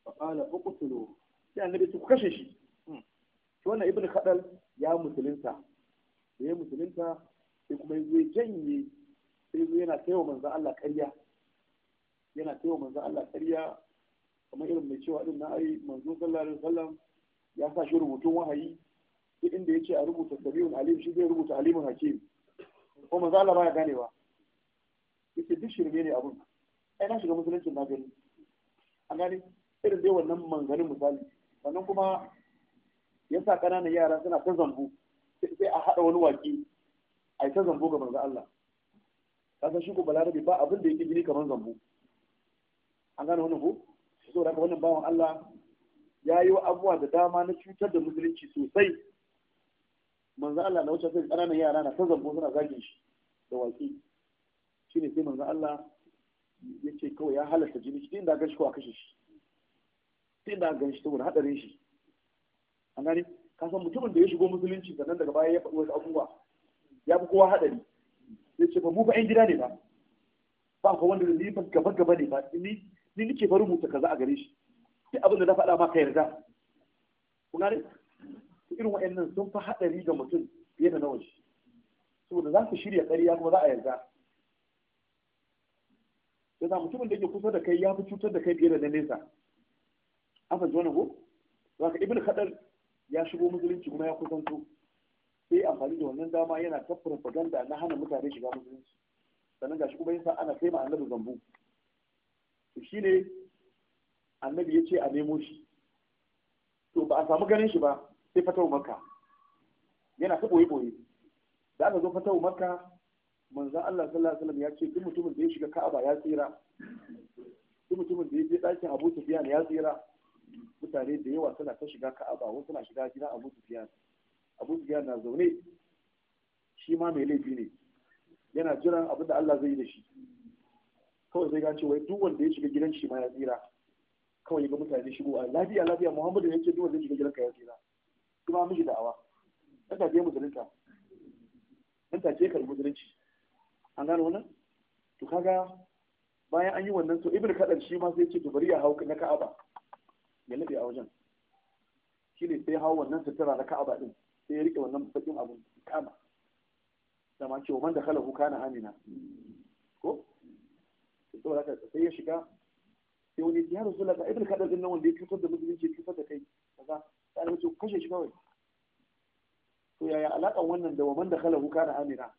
fa qala uqtulu sai annabi ku kashe shi hmm. wannan ibn khatal ya musulunta da ya musulunta sai kuma ya janye sai zo yana taiwa manzan Allah ƙarya yana taiwa manzan Allah ƙarya kamar irin mai cewa din na ai manzo sallallahu alaihi wasallam ya sa shi rubutun wahayi duk inda yace a rubuta sabiul alim shi zai rubuta alimun hakim ko manzo Allah baya ganewa yace duk shirme ne abun ai na shiga musulunci na gani an gane irin dai wannan manganin misali sannan kuma yasa ƙananan yara suna ta zambu sai a haɗa wani waƙi a yi ta zambo ga manzo Allah kasan shi ko balarabe ba abin da yake gini kamar zambo an gane wannan ko so da wannan bawan Allah ya yi abubuwa da dama na cutar da musulunci sosai manzo Allah na wuce sai ƙananan yara na ta zambo suna zagin shi da waƙi shine sai manzo Allah ya ce kawai ya halarta jini shi inda ga shi ko a kashe shi sai da gan shi saboda hadarin shi an gane kasan mutumin da ya shigo musulunci sannan daga baya ya faɗi wasu abubuwa ya fi kowa haɗari ya ce ba mu ba ƴan gida ne ba ba ko wanda da ban gaba gaba ne ba ni ni nake bari mu kaza a gare shi duk abin da na faɗa ma ka yarda kuna ne irin wa'annan sun fi haɗari ga mutum fiye da nawa shi saboda za su shirya ƙarya kuma za a yarda sa mutumin da ke kusa da kai ya fi cutar da kai fiye da na nesa an fahimci wannan ko za ka ibin kadar ya shigo musulunci kuma ya kusanto sai amfani da wannan dama yana ta propaganda na hana mutane shiga musulunci sannan gashi kuma yasa ana kai ma annabi zambu to shine annabi ya ce a nemo shi to ba a samu ganin shi ba sai fatawa makka yana ta boye boye da aka zo fatawa makka manzon Allah sallallahu alaihi wasallam ya ce duk mutumin da ya shiga Ka'aba ya tsira duk mutumin da ya je ɗakin Abu Sufyan ya tsira mutane da yawa suna ta shiga ka'aba wasu suna shiga gidan abu sufiyan abu sufiyan na zaune shi ma mai laifi ne yana jiran abin da Allah zai yi da shi kawai zai gace wai duk wanda ya shiga gidan shi ma ya tsira kawai ga mutane shigo a lafiya lafiya Muhammadu yake duk wanda ya shiga gidanka ya tsira kuma miji da'awa dan take musulunta dan take karbi musulunci an gano wannan to kaga bayan an yi wannan to ibnu kadar shi ma sai ya ce to bari ya hauka na ka'aba ya labe a wajen shi ne sai hau wannan sutura na ka'aba din sai ya rike wannan bakin abun kama da ma cewa man da kala huka na amina ko saboda haka sai ya shiga sai wani ya rasu laka ibn kadar din nan wanda ya cutar da musulunci ya cutar da kai kaza sai mutum kashe shi kawai to yaya alakan wannan da man da kala huka na amina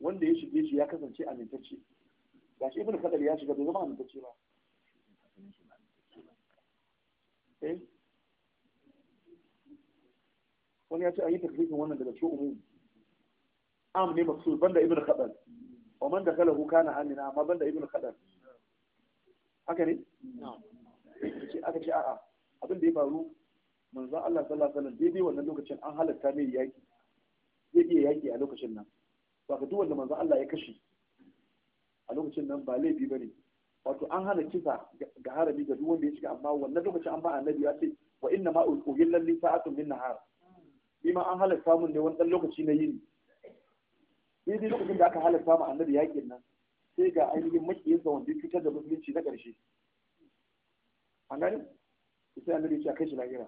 wanda ya shige shi ya kasance amintacce gashi ibn kadar ya shiga bai zama amintacce ba Eh? wani ya ce an yi takrifin wannan daga cikin umu am ne masu banda ibn Kadar. wa man huka na hannu amina amma banda ibn Kadar. haka ne aka ce a'a abin da ya faru manzo Allah sallallahu alaihi wasallam daidai wannan lokacin an halatta mai yaki zai iya yaki a lokacin nan ba ka duk wanda manzo Allah ya kashe a lokacin nan ba laifi bane wato an hana kisa ga harami ga duk wanda ya shiga amma wannan lokacin an ba annabi ya ce wa inna ma uhillal li sa'atun min nahar ni ma an halatta mun ne wani dan lokaci na yini sai dai lokacin da aka halatta mu annabi yakin nan sai ga ainihin sa wanda ya cutar da musulunci na ƙarshe an gani sai annabi ya ce a kai shi lahira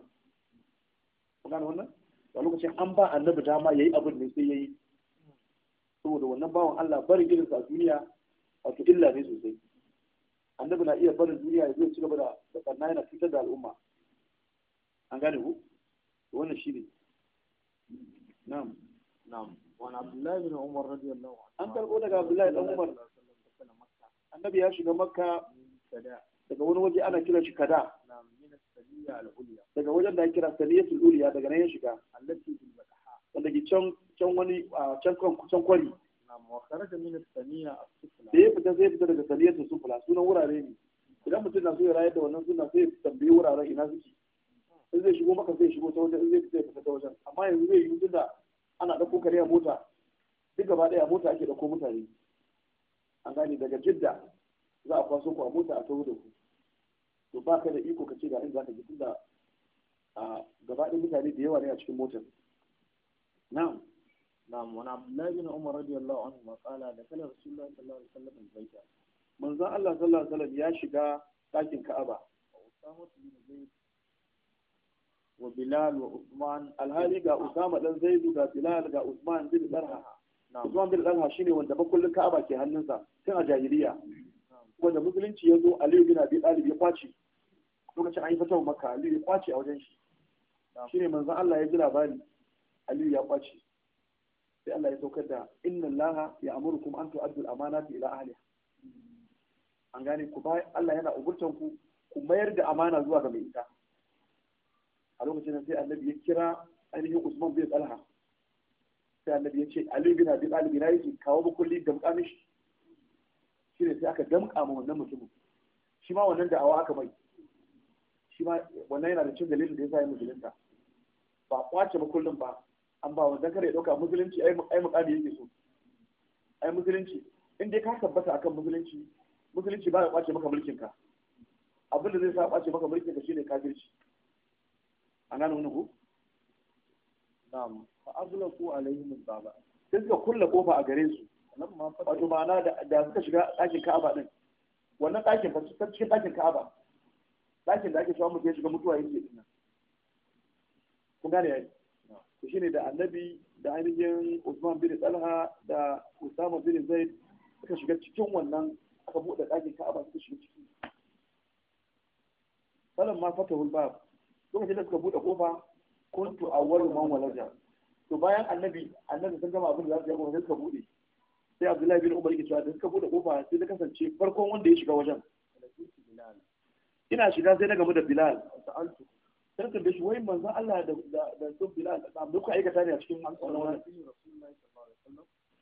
ku gane wannan a lokacin an ba annabi dama ya yi abin ne sai ya yi saboda wannan bawan Allah barin irin a duniya wato illa ne sosai annabi na iya barin duniya ya zo ci gaba da barna yana fitar da al'umma an gane ku wannan shi ne na'am na'am wani abdullahi bin umar radiyallahu anhu an karɓo daga abdullahi bin umar annabi ya shiga makka daga wani waje ana kira shi kada daga wajen da ya kira saniyatul uliya daga nan ya shiga wanda ke can wani can kwari wa kharaja min saniya a sufla da ya fita zai fita daga saniyar sufla sunan wurare ne idan mutum na so ya rayar da wannan suna sai ya tambayi wuraren ina suke in zai shigo maka zai shigo ta wajen in zai fita ya fita ta wajen amma yanzu zai yi tunda ana ɗauko kare a mota duk gaba ɗaya mota ake ɗauko mutane an gane daga jidda za a kwaso ku a mota a taho da ku to ba ka da iko ka ce ga inda za ka ji tunda gaba ɗaya mutane da yawa ne a cikin motar na'am نعم وعن عبد الله بن عمر رضي الله عنهما قال دخل رسول الله صلى الله عليه وسلم البيت من ذا الله صلى الله عليه وسلم يا شجا ساكن كعبة وأسامة بن زيد وبلال وعثمان الهالي جا أسامة بن زيد وجا بلال جا عثمان بن طلحة Usman bin Talha shine wanda makullin Ka'aba ke hannunsa tun a jahiliya. Wanda musulunci ya zo Aliyu gina Abi dalibi ya kwace. Lokacin an yi fatawa maka Aliyu ya kwace a wajen shi. ne manzan Allah ya ji labari Aliyu ya kwace. sai Allah ya saukar da inna Allah ya kuma an tu'addu al-amanati ila ahliha an gane ku bai Allah yana umurtan ku ku mayar da amana zuwa ga mai ita a lokacin sai Annabi ya kira ainihin Usman bin Talha sai Annabi ya ce Ali bin Abi Talib na yake kawo makulli damƙa mishi shine sai aka damƙa ma wannan mutumin shi ma wannan da'awa aka mai shi ma wannan yana da cin dalilin da ya sa ya musulunta ba kwace makullin ba an ba wanda ya ɗauka musulunci ai mukami yake so ai musulunci in dai ka tabbata akan musulunci musulunci ba ya kwace maka mulkin ka abin da zai sa kwace maka mulkin ka shine kafirci an gane wani ku na'am fa azlaqu alaihim baba sai suka kulle kofa a gare su wato ma'ana da suka shiga ɗakin ka'aba din wannan ɗakin ba ta cikin ɗakin ka'aba ɗakin da ake shawo mutum ya shiga mutuwa yake dinnan. kun gane yayi shine da annabi da ainihin Usman bin Talha da Usama bin Zaid suka shiga cikin wannan aka buɗe ɗakin Ka'aba suka shiga ciki salam ma fatahul bab lokacin da suka buɗe kofa kuntu awwalu man walaja to bayan annabi annabi sun gama abin da za su yi kuma suka buɗe sai Abdullahi bin Umar yake cewa da suka buɗe kofa sai ta kasance farkon wanda ya shiga wajen ina shiga sai na gamu da Bilal sai ka shi wai manzon Allah da da sun bilal da duka aikata ne a cikin wannan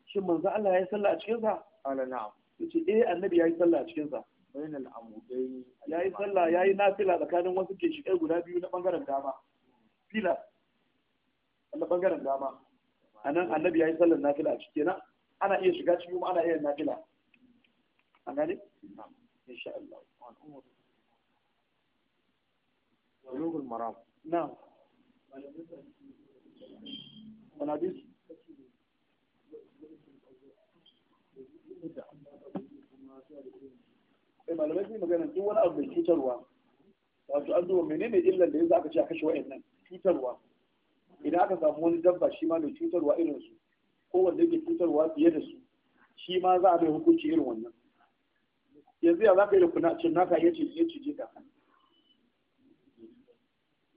shin manzon Allah ya yi sallah a cikin sa ala na'am yace eh annabi ya yi sallah a cikin sa bainal amudaini ya yi sallah ya yi nafila tsakanin wasu ke shigar guda biyu na bangaren dama fila na bangaren dama Anan annabi ya yi sallar nafila a ciki na ana iya shiga ciki kuma ana iya nafila an gane insha Allah بلوغ المرام نعم ونبيس eh malamai sun magana duk wani abu mai cutarwa wato an menene illar da yanzu aka ce a kashe wa'annan cutarwa idan aka samu wani dabba shi ma mai cutarwa irin su ko wanda yake cutarwa fiye da su shi ma za a mai wannan yanzu ya za ka yi da kuna cin naka ya ce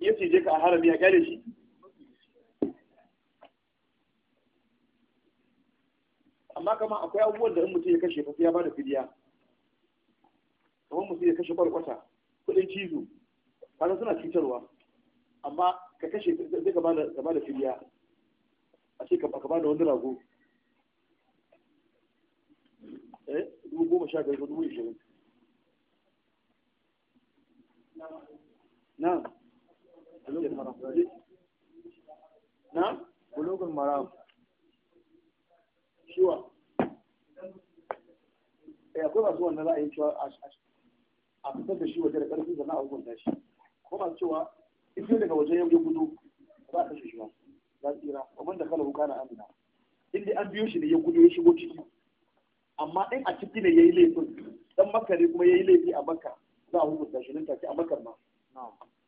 ya je ka a harami a kyale shi amma kama akwai abubuwan da in mutum ya kashe fa ya bada fidiya kamar mutum ya kashe kwarkwata kudin cizo kaga suna cutarwa amma ka kashe zai ka bada ka bada fidiya a ce ka bada wani rago eh dubu goma sha biyar dubu na bulugul maram shiwa eh akwai masu wannan ra'ayin cewa a fitar da shi waje da ƙarfi sannan a hukunta shi kuma masu cewa in sai daga wajen yau ya gudu ba a kashe shi ba za su tsira kamar da kalahu kana amina in an biyo shi ne ya gudu ya shigo ciki amma in a ciki ne ya yi laifin dan makka ne kuma ya yi laifi a makka za a hukunta shi nan take a makka ma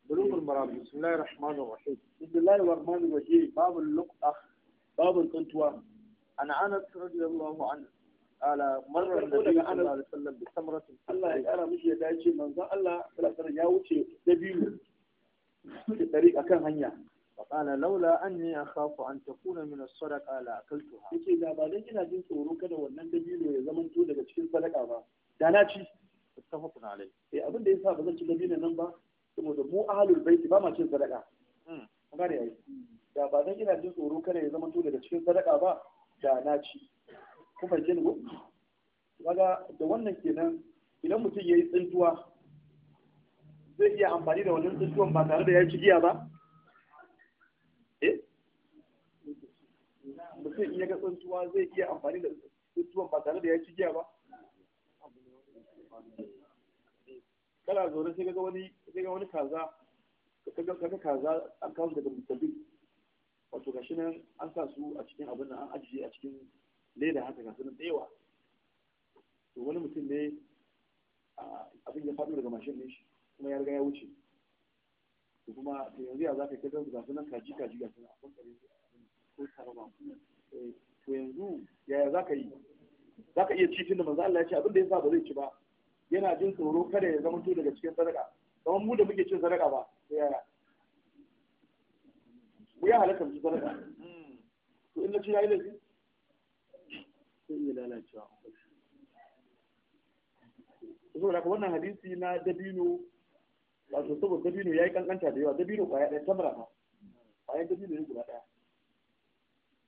بلوغ المرام بسم الله الرحمن الرحيم بسم الله الرحمن الرحيم باب اللقطة باب القنطوة عن أنس رضي الله عنه قال مر النبي صلى الله عليه وسلم بثمرة الله يقرأ مش يدعي من ذا الله فلا ترى يوتي نبيه في طريق أكان هنيا فقال لولا أني أخاف أن تكون من الصدقة لأكلتها يقول إذا بعدين كنا جين تورو كده ونن نبيه يزمن تولد تشكيل صدقة ما دانا شيء اتفقنا عليه إيه أبن ده يسا بزن تلبينا نمبر saboda mu ahalul baiti ba ma cin sadaka hmm. kuma gane yayi da ba zan ina jin tsoro kada ya zama to daga cikin sadaka ba da na ci ku fahimce ni ko kaga da wannan kenan idan mutum yayi tsintuwa zai iya amfani da wannan tsintuwan ba tare da ya ci giya ba eh? mutum in ya ga tsintuwa zai iya amfani da tsintuwan ba tare da ya ci giya ba kana zaune sai ga wani sai ga wani kaza kaga kaza an kawo daga mutabbi wato gashi nan an sa su a cikin abin nan an ajiye a cikin leda haka ga sunan tsewa to wani mutum ne abin ya faɗo daga mashin ne shi kuma ya riga ya wuce to kuma to yanzu ya za ka kai ga sunan kaji kaji ga sunan abin kare ko tarama eh, to yanzu yaya za ka yi za ka iya ci tun da manzo Allah ya ce abin da ya sa ba zai ci ba yana jin tsoro kada ya zama to daga cikin sadaka kamar mu da muke cin sadaka ba yaya mu ya halatta mu ci sadaka to in na ci yayi laifi sai ya lalacewa saboda ka wannan hadisi na dabino wato saboda dabino yayi kankanta da yawa dabino kwaya ɗaya tamra ba kwayan dabino ne guda ɗaya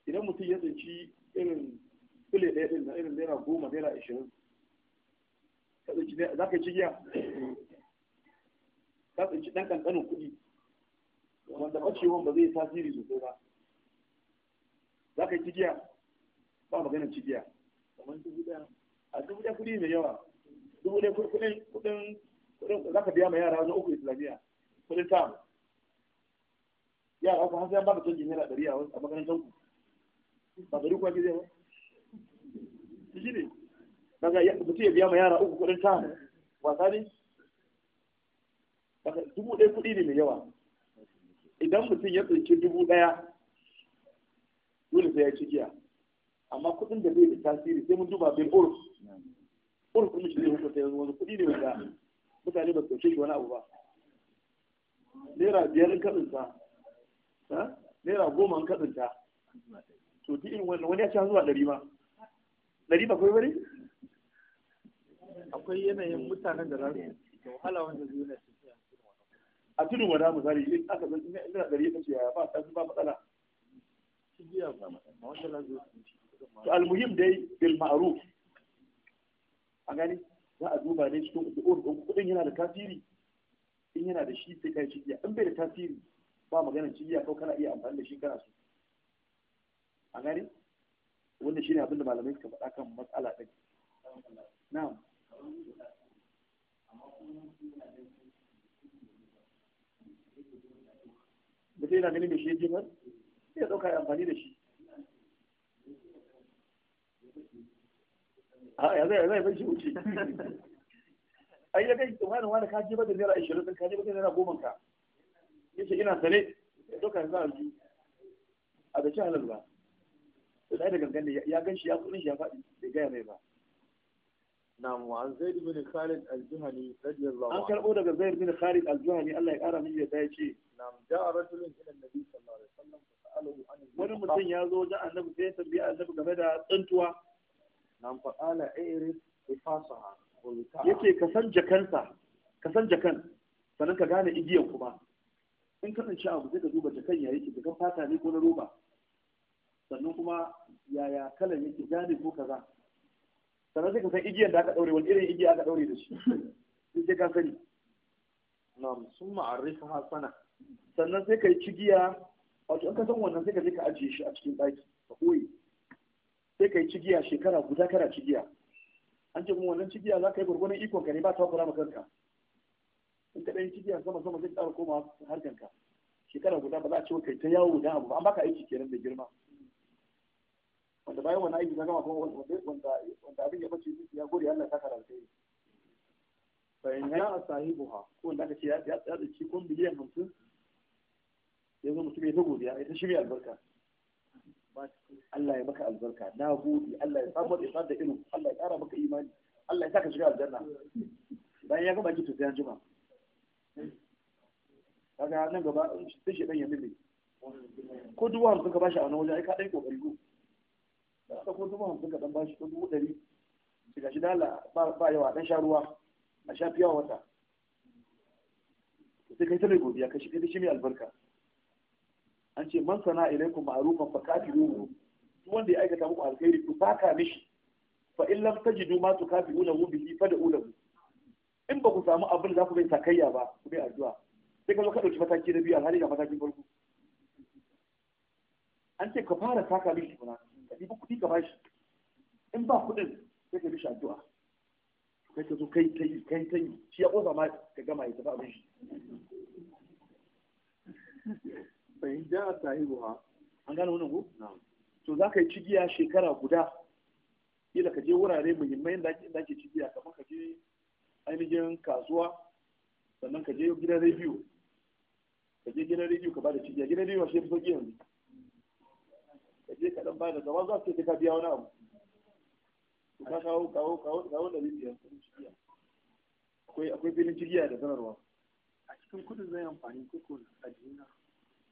idan mutum ya tsinci irin kule ɗaya ɗin na irin naira goma naira ashirin ka tsinci za ka ci giya ta tsinci ɗan ƙanƙanin kuɗi wanda ɓacewan ba zai yi tasiri sosai ba za ka yi cigiya ba maganin cigiya kamar a dubu ɗaya kuɗi mai yawa dubu ɗaya kuɗin kuɗin kuɗin za ka biya ma yara wajen uku islamiyya kuɗin ta yara uku har sai ba ka canjin naira ɗari a makarantar ku ba ɗari kuwa ke zai ba shi ne daga mutum ya biya ma yara uku kuɗin ta wasa ne dubu ɗaya kuɗi ne mai yawa idan mutum ya tsinci dubu ɗaya dole sai ya ci jiya. amma kuɗin da zai da tasiri sai mun duba bin urf urf kuma shi zai hukunta yanzu wani kuɗi ne mai da mutane ba su ɗauke shi wani abu ba naira biyar in kaɗinta naira goma in kaɗinta to duk irin wannan wani ya ci zuwa ɗari ma ɗari ba kai bari akwai yanayin mutanen da za su wahala wanda zai a tudun damu zari in aka san in ina gari ya kace ba ta ba matsala to almuhim dai bil ma'ruf a gani za a duba ne cikin kuɗin kudin yana da tasiri in yana da shi sai kai cikiya in bai da tasiri ba magana cikiya ko kana iya amfani da shi kana so a gani wanda shine abin da malamai suka faɗa kan matsala ɗin na'am amma kuma yana da mutum yana ganin da shi ya sai ya ɗauka ya amfani da shi ya zai zai bai shi wuce ai ya kai wani wani ka jefar da naira ashirin ɗin ka da naira goma ka yace ina sane ya ɗauka ya ji a da ci halal ba sai da gangan da ya gan shi ya kudin shi ya fadi bai gaya mai ba نعم وعن زيد بن خالد الجهني رضي الله عنه. أنكر أولا زيد بن خالد الجهني الله يقرأ من ce. ja wani mutum ya zo wajen annabi sai ya tambayi annabi game da tsantuwa nan fa qala ayris ifasaha yace ka san jakansa ka san jakan sannan ka gane igiyan kuma in ka tsanci abu sai ka duba jakan ya yake jakan fata ne ko na roba sannan kuma yaya kalan yake gane ko kaza sannan sai ka san igiyan da aka daure wani irin igiya aka daure da shi sai ka sani na sun ma'arifa sana sannan sai ka yi cigiya wato in ka san wannan sai ka je ka ajiye shi a cikin ɗaki ka ɓoye. sai ka yi cigiya shekara guda kana cigiya an ce kuma wannan cigiya za ka yi gwargwadon ikon ka ne ba ta kura ma kanka in ka ɗan cigiya sama sama zai ƙara koma harkan ka shekara guda ba za a ce kai ta yawo da abu an baka aiki kenan da girma wanda bayan wani aiki ka gama kuma wanda abin ya bace ya gode Allah ta karanta yi bayan ya sahibu ha ko wanda aka ce ya tsaci kun biliyan hamsin yanzu mutum ya ta godiya ya ta shirya albarka Allah ya maka albarka na gode Allah ya samu da isa da ilu Allah ya kara maka imani Allah ya saka shiga aljanna bayan ya gama kitu sai an jima kaga nan gaba sai shi dan ya mimi ko dubu hamsin ka bashi a wani wajen ai ka dai kokari ko ka ko dubu hamsin ka dan bashi ko dubu ɗari daga shi dala ba yawa dan sha ruwa a sha fiya wata sai kai ta mai godiya ka shi kai ta shi mai albarka an ce man sana ilaikum ma'rufan fa kafiruhu duk wanda ya aikata muku alkhairi ku saka mishi fa in lam tajidu ma hu bihi da'u lahu in ba ku samu abin da za ku bai sakayya ba ku bai addu'a sai ka zo ka dauki mataki na biyu alhali ga matakin farko an ce ka fara saka mishi kuma ka ɗiba kuɗi ka bashi in ba kuɗin sai ka mishi addu'a kai ka zo kai kai, kai kai shi ya ƙosa ma ka gama ya tafi abin shi bai an gane wannan to za ka yi cigiya shekara guda kila ka je wurare muhimmai da cigiya kamar ka je ainihin kasuwa sannan ka je gidan rediyo ka je gidan rediyo ka cigiya gidan rediyo shi sauki yanzu ka je ka dan za su ce ka biya wani abu ka kawo kawo kawo kawo da akwai akwai filin cigiya da sanarwa a cikin kudin zai amfani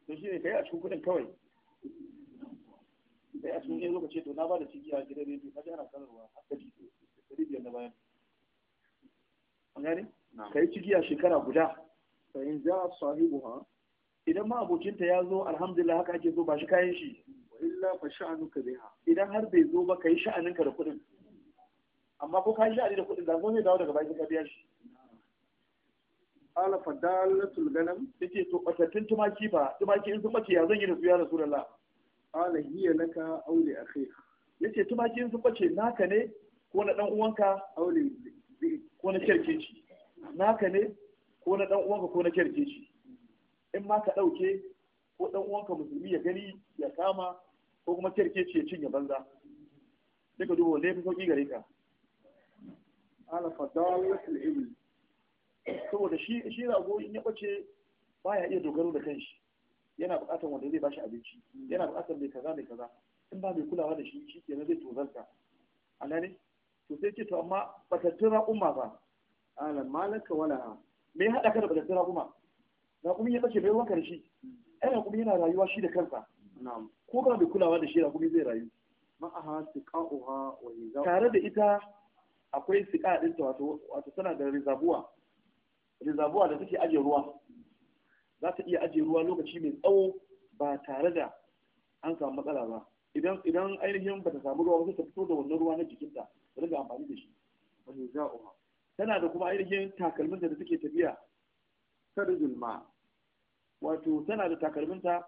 to shi ne kai a cikin kuɗin kawai kai a cikin yanzu ka ce to na ba da ciki a gidan rediyo na ji ana sanarwa a kaji ɗari biyar na bayan an gane ka yi ciki a shekara guda fa in za sahibu buha idan ma abokinta ya zo alhamdulillah haka ake zo ba shi kayan shi illa fa sha'anuka biha idan har bai zo ba kai sha'aninka da kuɗin amma ko ka yi sha'ani da kuɗin da zo ne dawo daga bayan ka biya shi qala fa dalatul ganam yace to batattun tumaki ba tumaki in sun bace ya zan yi da su ya rasulullah qala hiya laka aw akhi yace tumaki in sun bace naka ne ko na dan uwanka aw ko na kerkeci naka ne ko na dan uwanka ko na kerkeci in ma ka dauke ko dan uwanka musulmi ya gani ya kama ko kuma kerkeci ya cinye banza sai ka duba wanda fi sauki gare ka ala fadalatul ibli saboda shi shi rago in ya ba ya iya dogaro da kanshi yana buƙatar wanda zai bashi abinci yana buƙatar mai kaza mai kaza in ba mai kulawa da shi shi kenan zai tozarta a gane to sai ce to amma batattun raƙuma ba alam malaka wala me ya haɗa ka da batattun raƙuma raƙumi ya bace bai wanka da shi ai raƙumi yana rayuwa shi da kansa ko ba mai kulawa da shi raƙumi zai rayu ma'aha siqa'uha wa tare da ita akwai siqa ɗinta wato wato tana da rizabuwa rizabuwa da take ajiye ruwa za ta iya ajiye ruwa lokaci mai tsawo ba tare da an samu matsala ba idan idan ainihin bata samu ruwa ba ta fito da wannan ruwa na jikinta ta riga amfani da shi za a tana da kuma ainihin takalminta da take tafiya sarjul ma wato tana da takalminta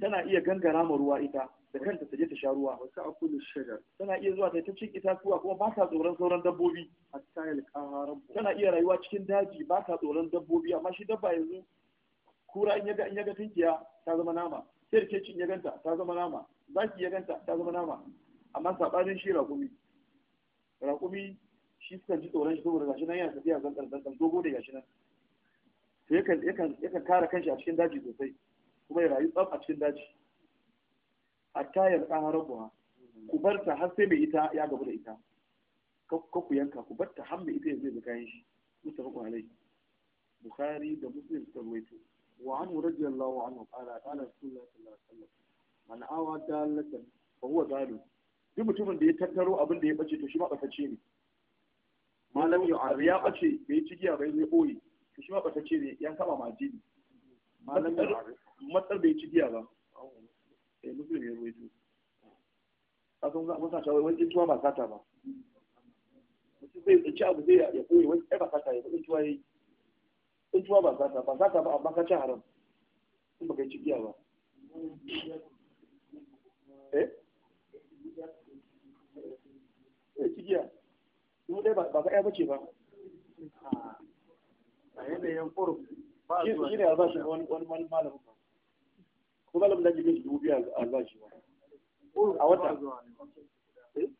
tana iya gangara ma ruwa ita da kanta ta je ta sha ruwa wasu akulu shajar tana iya zuwa ta ta cin itatuwa kuma ba ta tsoron sauran dabbobi hatta yalqaha rabbu tana iya rayuwa cikin daji ba ta tsoron dabbobi amma shi dabba yanzu kura in yaga in yaga tunkiya ta zama nama sai da cin ya ganta ta zama nama zaki ya ganta ta zama nama amma sabanin shi raƙumi raƙumi shi sukan ji tsoron shi saboda gashi nan yana tafiya zan ɗan ɗan dogo da gashi nan to yakan yakan yakan kare kanshi a cikin daji sosai kuma ya rayu tsaf a cikin daji hatta ya tsaha rabuwa ku bar ta har sai mai ita ya gabu da ita ka ku yanka ku bar ta har mai ita ya zai da yin shi ku alai bukhari da muslim sun ruwaito wa anhu radiyallahu anhu qala qala rasulullahi sallallahu alaihi wasallam man awa dalatan ba huwa zalim duk mutumin da ya tattaro abin da ya bace to shi ma batacce ne malam ya bace bai giya bai zai ɓoye. to shi ma batacce ne ya saba majini malam matsar bai giya ba eh muslim a san mun sa shawai ba sata ba mutum zai ba sata ba eh? a yanayin ƙurb ba shi ba ba ko dubu ba a wata eh? Eh?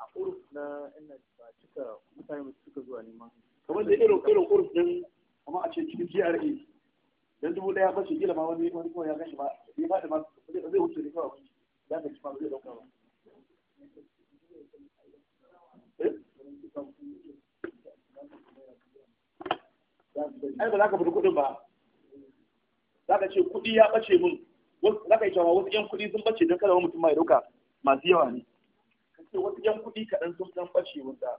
a na ina ba cika mutane ba suka zuwa neman kamar da irin irin din amma a ce cikin GRA dan dubu daya ma wani wani kuma ya gashi ba bai ma zai wuce ne kawai zai dauka ba eh? ai ba za ka fita kudin ba za ka ce kuɗi ya ɓace mun za ka yi cewa wasu 'yan kuɗi sun ɓace don kada mutum mai ɗauka masu yawa ne ka ce wasu 'yan kuɗi kaɗan sun ɗan ɓace da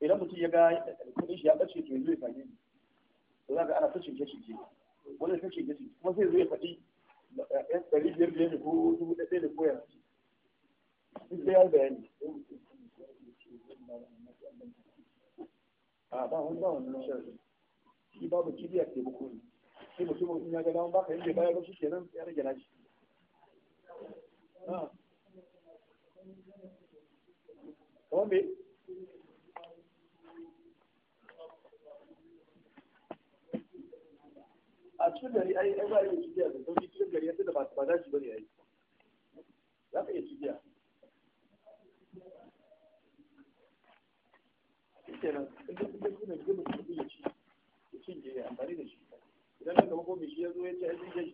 idan mutum ya ga kuɗin shi ya ɓace to yanzu ya fage ni to za ka ana ta shinke shinke wani ta shinke shinke kuma sai zo ya faɗi eh, ɗari biyar biyar ne ko dubu ɗaya ne ko yanzu duk zai yi bayani a ba wani ba wani shi babu kibiyar taimako ne shi mutumin in ya ga dama baka yanke baya ba kenan ya rage nashi ah. kamar me a cikin gari ai ai ba yi cikiya da sauki cikin gari yadda ba ba shi bane yayi za ka iya cikiya kenan in idan ka mako mai ya zo ya ce aiki ya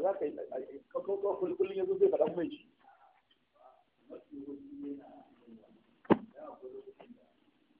zaɓar ta ya za ka yi kullum ya zo zai faɗa mai shi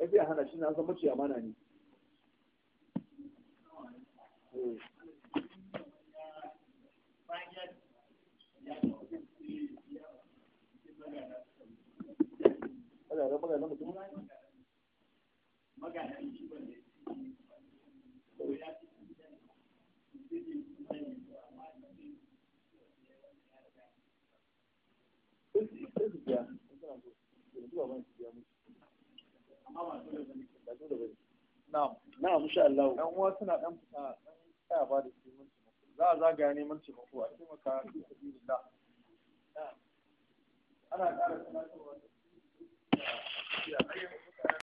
ai sai a hana shi na san mace amana ne Magana na'am na'am insha Allah dan uwa suna dan fita dan tsaya ba da cikin minti za a zagaya neman taimako a taimaka fi sabilillah ana ƙara sanarwa da